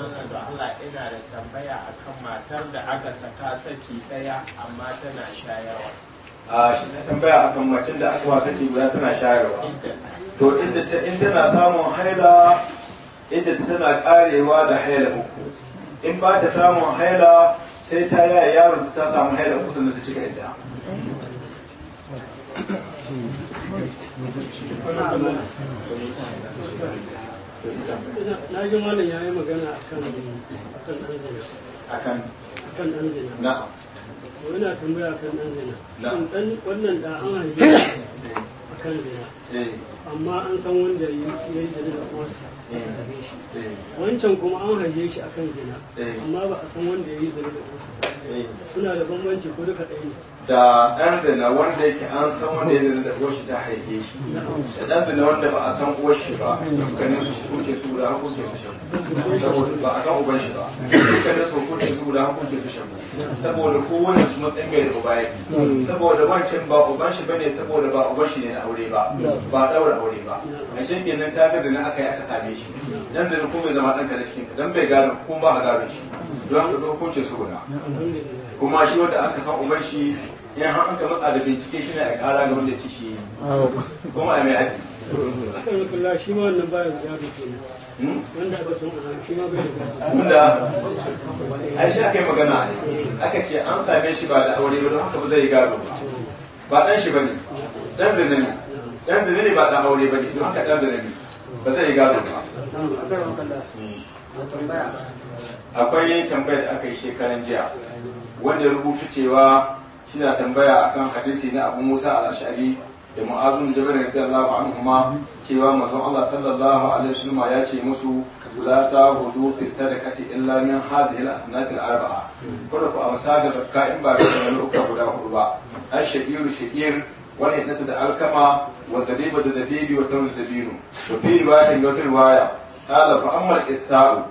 wannan da Allah ina da tambaya akan matar da aka saka saki ɗaya, amma tana shayarwa a shi na tambaya akan matar da aka saki guda tana shayarwa to in tana samun haila inda tana ƙarewa da haila uku in ba ta samun haila sai ta yaya yaro da ta samu haila uku sannan ta cika idda Thank you. na ji malam ya yi magana akan zina akan akan ɗan zina na'am yana tambaya akan ɗan zina na'am wannan da an haife akan zina Eh. amma an san wanda ya yi zina da uwarsa eh. wancan kuma an haje shi akan zina eh. amma ba a san wanda ya yi zina da uwarsa suna da bambanci ko duka ɗaya ne da ɗan zina wanda yake an san wanda ya zina da shi ta haife shi da ɗan zina wanda ba a san shi ba dukkanin su hukunce su guda hukunce su shan saboda ba a san uban shi ba dukkanin su su guda hukunce su shan saboda kowanne su matsayin bai da uba ya saboda wancan ba uban shi bane saboda ba uban shi ne na aure ba ba daura aure ba a shi kenan ta ga zina aka yi aka same shi dan zina ko bai zama dan ka cikin ka dan bai gano kun ba ka gano shi don haka duk hukuncin su guda kuma shi wanda aka san uban shi in har aka matsa da bincike shi ne a kara ga wanda ci shi kuma a mai haɗi ma wannan bayan gado hmm? wanda aka san shi ma bai da wanda ai shi aka yi magana aka ce an same shi ba da aure ba don haka ba zai gado ba ba dan shi bane dan zina ne dan zane ne ba dan aure ba ne don haka ɗan ba zai yi gado ba akwai tambayar da aka yi shekaran jiya wanda rubutu cewa shi na tambaya akan hadisi na abu musa al-ash'ari da mu'azun jabir radiyallahu anhu ma cewa manzon Allah sallallahu alaihi wasallam ya ce musu la ta hudu fi sadaqati illa min hadhihi al-asnaf al-arba'a da ku amsa da zakka in ba da wani uku guda hudu ba ash-shaqir shaqir wani ita da alkama wa zabiba da zabibi wa tamar da binu wa fi riwayatin da wata riwaya kala fa amma al-qissa'u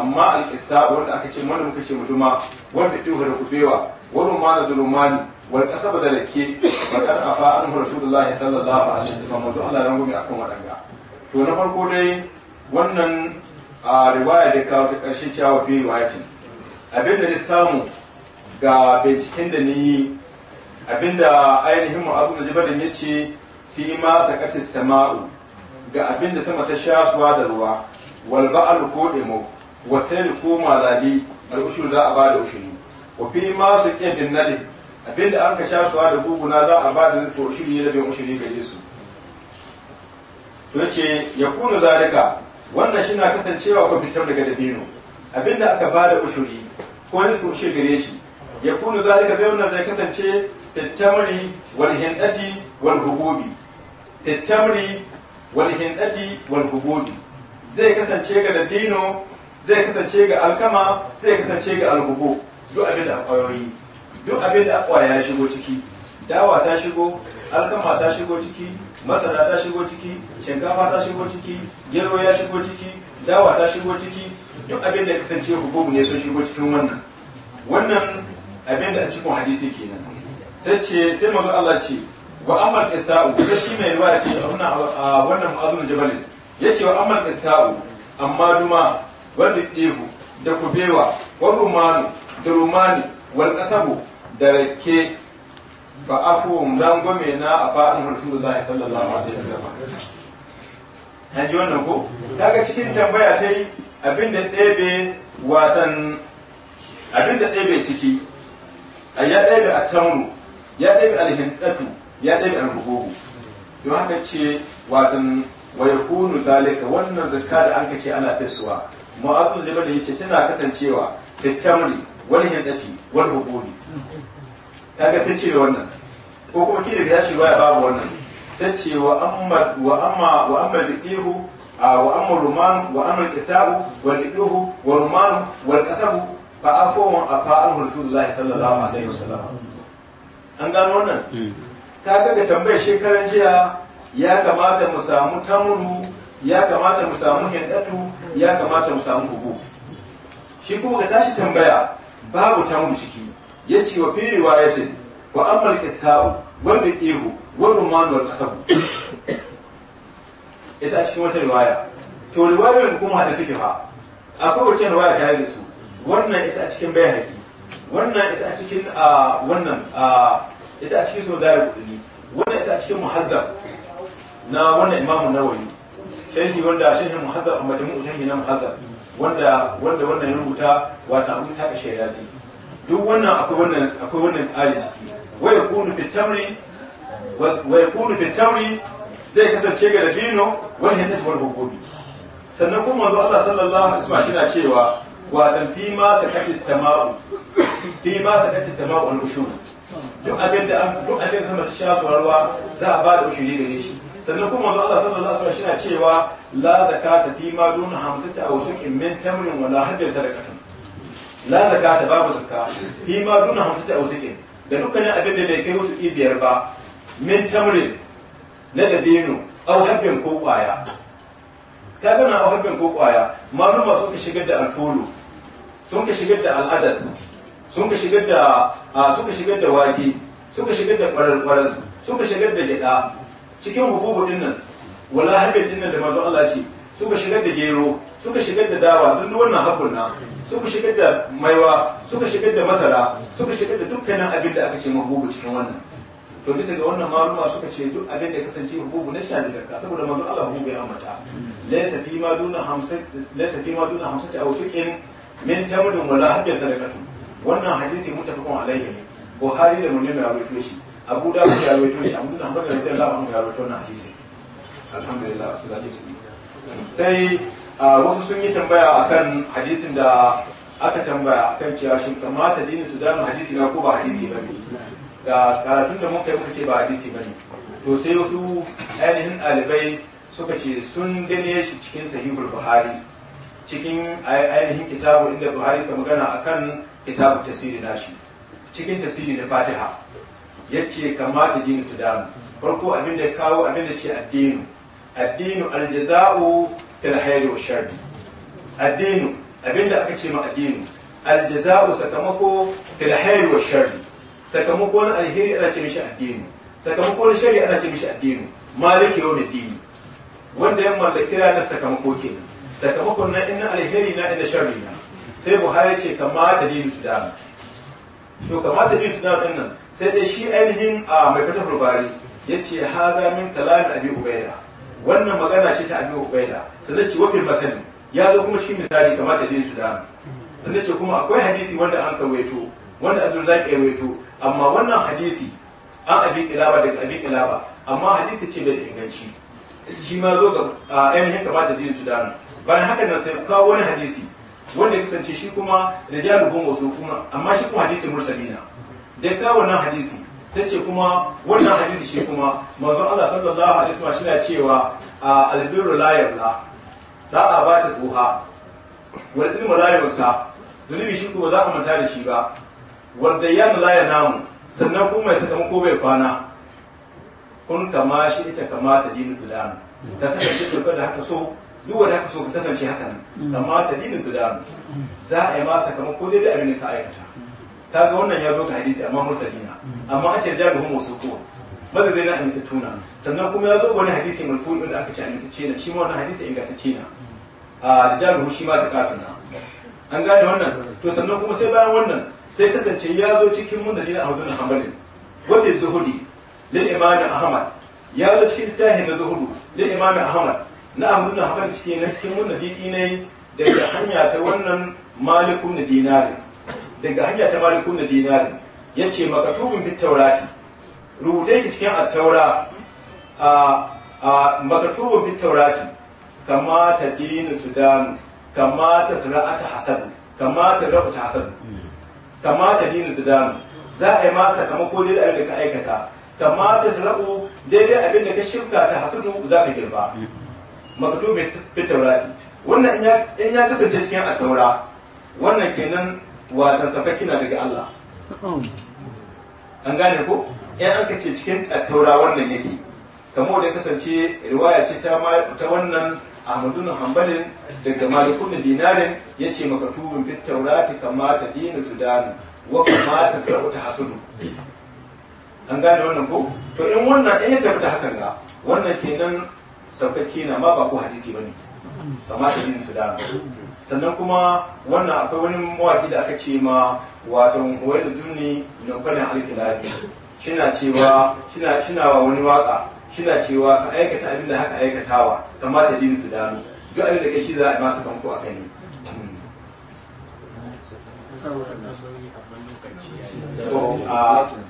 amma al-qissa'u wanda aka ce wanda muka ce mutuma wanda tuhu da kubewa wa rumana da rumani wal kasaba da rake wa kad afa anhu rasulullah sallallahu alaihi wasallam wanda Allah ya rangume akan wadanga to na farko dai wannan a riwaya da kawo ta karshe cewa fi riwayatin abin da ni samu ga binciken da ni abinda ainihin mu'azu da jibarin ya ce fi ma sakatis sama'u ga abinda sama ta sha suwa da ruwa wal ba'al ko demo wasail ko malali al ushu za a bada ushuri wa fi ma su ke nadi abinda an ka sha suwa da guguna za a bada to ushu ne da bin ushuri gare su to yace kunu zalika wannan shi na kasancewa ko fitar daga dabino abinda aka bada ushuri ko su ushu gare shi ya kunu zalika zai wannan zai kasance التمر والهندة والهبوب التمر والهندة والهبوب zai kasance ga dabino zai kasance ga alkama zai kasance ga alhubo duk abin akwayoyi duk abin da ya shigo ciki dawa ta shigo alkama ta shigo ciki masara ta shigo ciki shinkafa ta shigo ciki gero ya shigo ciki dawa ta shigo ciki duk abin da kasance hukumu ne sun shigo cikin wannan wannan a cikin hadisi kenan sai ce sai manzo Allah ce wa amal isa'u da shi mai ruwa ce wannan wannan mu'azun jabal yace wa amal isa'u amma duma wanda ihu da kubewa wa rumanu da rumani wal kasabu da rake fa afu langome na afa'an rasulullahi sallallahu alaihi wasallam an ji wannan ko kaga cikin tambaya ta yi abinda ɗebe watan abinda ɗebe ciki a ya ɗebe a tamru ya ɗabi alhinƙatu ya ɗabi alhububu don haka ce watan waya kunu zalika wannan zakka da an kace ana fesuwa ma'azun da yake tana kasancewa fitamri wal hindati wal Ta ga sai cewa wannan ko kuma kida ya shi baya babu wannan sai ce wa amma wa amma wa amma bidihu wa amma ruman wa amma kisabu wa bidihu wa ruman wal kasabu fa afu wa afa an rasulullahi sallallahu alaihi wasallam an gano wannan hmm. ga da tambayar shekaran jiya ya kamata mu samu tamuru ya kamata mu samu hindatu ya kamata mu samu hugu shi kuma ka tashi tambaya babu tamuru ciki ya ce wa fi riwayatin wa ammal kisabu wanda ihu wa rumanu wal kasabu ita a cikin wata riwaya to riwayoyin kuma hada suke fa akwai wata riwaya ta yi su wannan ita a cikin bayani wannan ita a cikin wannan ita a cikin sodari kudini wanda ita a cikin muhazzab na wannan imamu nawawi sharhi wanda sharhi muhazzab a majmu'u sharhi na muhazzab wanda wanda wannan ya rubuta wata abu saka shairati duk wannan akwai wannan akwai wannan ƙarin ciki wa yakunu fi tamri wa yakunu fi tamri zai kasance ga dabino wal hintati wal hukubi sannan kuma manzo Allah sallallahu alaihi wasallam yana cewa wa tan fi ma sakati sama'u fi ma sakati sama'u al ushub duk abin da duk abin sama shi za a ba da ushuri gare shi sannan kuma wanzu Allah sallallahu alaihi wasallam shi na cewa la zakata fi ma dun ta aw sukin min tamrin wala hadda sadaqatan la zakata babu zakka fi ma dun hamsata aw sukin da dukkanin abin da bai kai wasu ibiyar ba min tamrin na dabino aw habbin ko kwaya ka gana aw habbin ko kwaya maluma suka shigar da alfulu sun ka shigar da al'adarsu sun ka shigar da suka shigar da wake suka shigar da kwarar suka shigar da gida cikin hububu din nan wala habib din nan da manzo Allah ce suka shigar da gero suka shigar da dawa duk wannan habbun na suka shigar da maiwa suka shigar da masara suka shigar da dukkanin abin da aka ce mabubu cikin wannan to bisa ga wannan maluma suka ce duk abin da ya kasance hukumu na shaji zakka saboda manzo Allah hukumu ya amata. laysa fi ma duna 50 laysa fi ma duna 50 aw sukin min tamdun wala hadda sadaqatu wannan hadisi mutafakun alaihi ne buhari da mun ya rawaito shi abu da ya rawaito shi amma da da radiyallahu anhu ya rawaito wannan hadisi alhamdulillah sai wasu sun yi tambaya akan hadisin da aka tambaya akan cewa shin kamata dini su dama hadisi na ko ba hadisi ba ne da karatun da muka yi muka ce ba hadisi ba ne to sai wasu ainihin ɗalibai suka ce sun gane shi cikin sahihul buhari cikin ainihin kitabu inda buhari ka magana akan kitabu tafsiri shi cikin tafsiri na fatiha ya ce kamata dinu tudamu farko abin da kawo abin da ce addinu addinu aljaza'u fil hayri wa sharri addinu abin da aka ce ma addinu aljaza'u sakamako fil hayri wa sharri sakamako na alheri ana ce mishi addinu sakamako na shari'a ana ce mishi addinu maliki yawmid dini wanda ya mallaki ranar sakamako kenan sakamakon na inna alheri na inna sharri na sai buhari ce kamata dinu sudan to kamata dinu sudan din nan sai dai shi ainihin a mai ya ce ha haza min kalam abi ubaida wannan magana ce ta abi ubaida sai ce wafin masani ya zo kuma shi misali kamata dinu sudan sai ce kuma akwai hadisi wanda an kawaito wanda abdullahi ya kawaito amma wannan hadisi an abi kilaba daga abi kilaba amma hadisi ce bai da inganci shi ma zo ga ainihin kamata su sudan bayan haka nan sai kawo wani hadisi wanda ya kusance shi kuma rijaluhum wasufuna amma shi kuma hadisi mursalina da ta wannan hadisi sai ce kuma wannan hadisi shi kuma manzon Allah sallallahu alaihi wasallam na cewa albirru la yabla da a ba ta tsoha wal ilmu la yusa zunubi shi kuma za a manta da shi ba wanda na la namu sannan kuma ya saka ko bai kwana kun kama shi ita kamata dinu tulan da kasance da haka so duk wanda aka so ka kasance haka ne mm. amma ta dini su da za a yi ma ko dai da abin da ka aikata Ta ga wannan ya zo ka hadisi amma dina mm. amma a ce da su kowa maza zai na tuna. sannan kuma ya zo wani hadisi fuɗi da aka ce amintacce na shi ma wannan hadisi ingantacce na a da shi ma su sakatuna an gane wannan to sannan kuma sai bayan wannan sai kasance ya zo cikin mundalin Ahmad na Hanbal wanda zuhudi lil Imam Ahmad ya zo cikin tahin na zuhudu lil Imam Ahmad na amru da hakan cikin na cikin wannan jiki ne daga hanya ta wannan malikun da dinari daga hanya ta malikun da dinari maka tubin fi taurati rubutai ki cikin a taura a a tubin fi taurati kama ta dinu tudanu kama ta sara'ata hasad kama ta rabu ta hasad kama ta dinu danu za a yi ma ko dai da ka aikata kama ta sara'u daidai abin da ka shirka ta hasudu za ka girba maktubin ta taurati wannan in ya kasance cikin a taura wannan kenan watan sakakki kina daga Allah an gane ko in an kace cikin a taura wannan yake kamar da ya kasance riwaya ce ta wannan Ahmadu bin hanbalin daga malikun dinarin ya ce maktubin fi taurati kama ta dina tudanu wa kama ta tsaro ta hasudu an gane wannan ko to in wannan in ya tabbata hakan ga wannan kenan saukakke na ma ba ko hadisi ne ba ma ta su da sannan kuma wannan akwai wani mawaki da aka ce ma wato wani da dunni na kwanan lafi shina cewa shina shina wa wani waka shina cewa ka aikata abin da haka aikatawa kamata ta su mu duk abin da kai shi za a masa kanko a kai ne a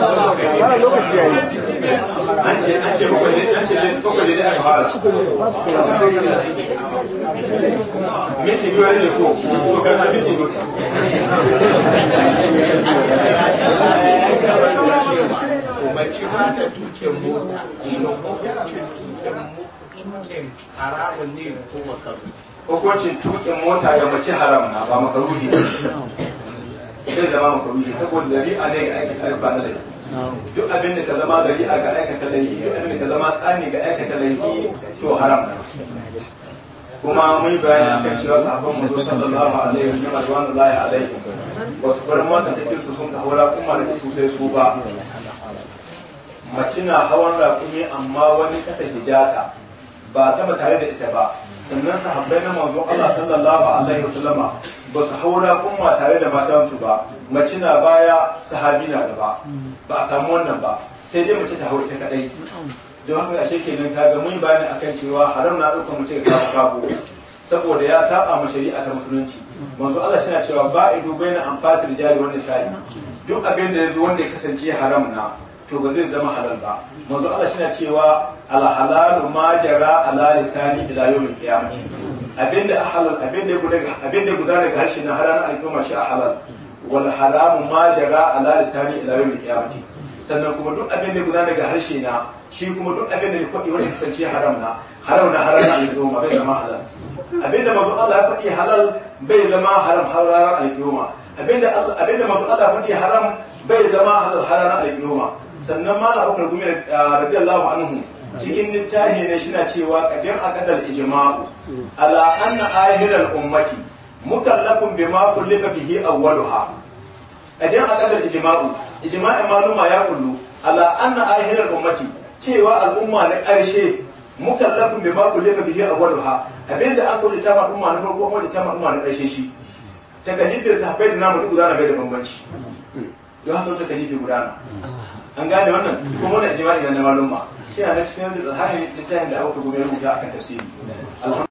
an ce an ce ne ne ta hukuncin tukin mota ga mace haram na ba makaruhi ne zai zama makaruhi saboda dabi'a ne ga aikin na laifi duk abin da ka zama gari a ga aikata laifi duk abin da ka zama tsani ga aikata laifi to haram kuma mun bayani akan cewa sahabban manzo sallallahu alaihi wa sallam radwanullahi alaihi wasu bar mata take su sun haura kuma da su sai su ba mace na hawan raƙumi amma wani kasa hijata ba sama tare da ita ba sannan sahabbai na manzon Allah sallallahu alaihi wa sallama ba su haura kuma tare da matansu ba mace na baya sahabi na gaba ba a samu wannan ba sai dai mace ta hau ita kadai don haka ashe kenan kaga mun bayani akan cewa haram na dukkan mace ga kawo saboda ya saba ma shari'a ta musulunci manzo Allah shi na cewa ba'idu baina da jari wanda sai duk abin da yazo wanda ya kasance haram na to ba zai zama halal ba manzo Allah shi cewa al halalu ma jara ala lisani ila yawmil qiyamah abin da halal abin da gudana da ga harshe na haram shi a halal wal haram ma jara ala lisani ila al-qiyamah sannan kuma duk abin da guda daga harshe na shi kuma duk abin da ya faɗi wani kasance haram na haram na haram na alƙiyoma bai zama halal abin da mazu Allah ya faɗi halal bai zama haram hararan alƙiyoma abin da abin da mazu Allah ya faɗi haram bai zama halal al alƙiyoma sannan ma na hukar gumi eh, radiyallahu anhu cikin littafi ne shi na cewa kadin aqdal ijma'u ala anna ahiral ummati mukallafun bima kullifa bihi awwaluha kadin akadar ijma'u ijma'in maluma ya kullu ala anna ahirar ummati cewa al'umma na karshe mukallafin bai ba ku leka bihi a abin da aka rubuta ma umma na farko kuma ta ma umma na karshe shi takalifin sahabbai da namu duk gudana bai da bambanci don haka takalifi gudana an gane wannan kuma wannan ijma'i na maluma kina na cikin da ta littafin da aka gobe rubuta akan tafsiri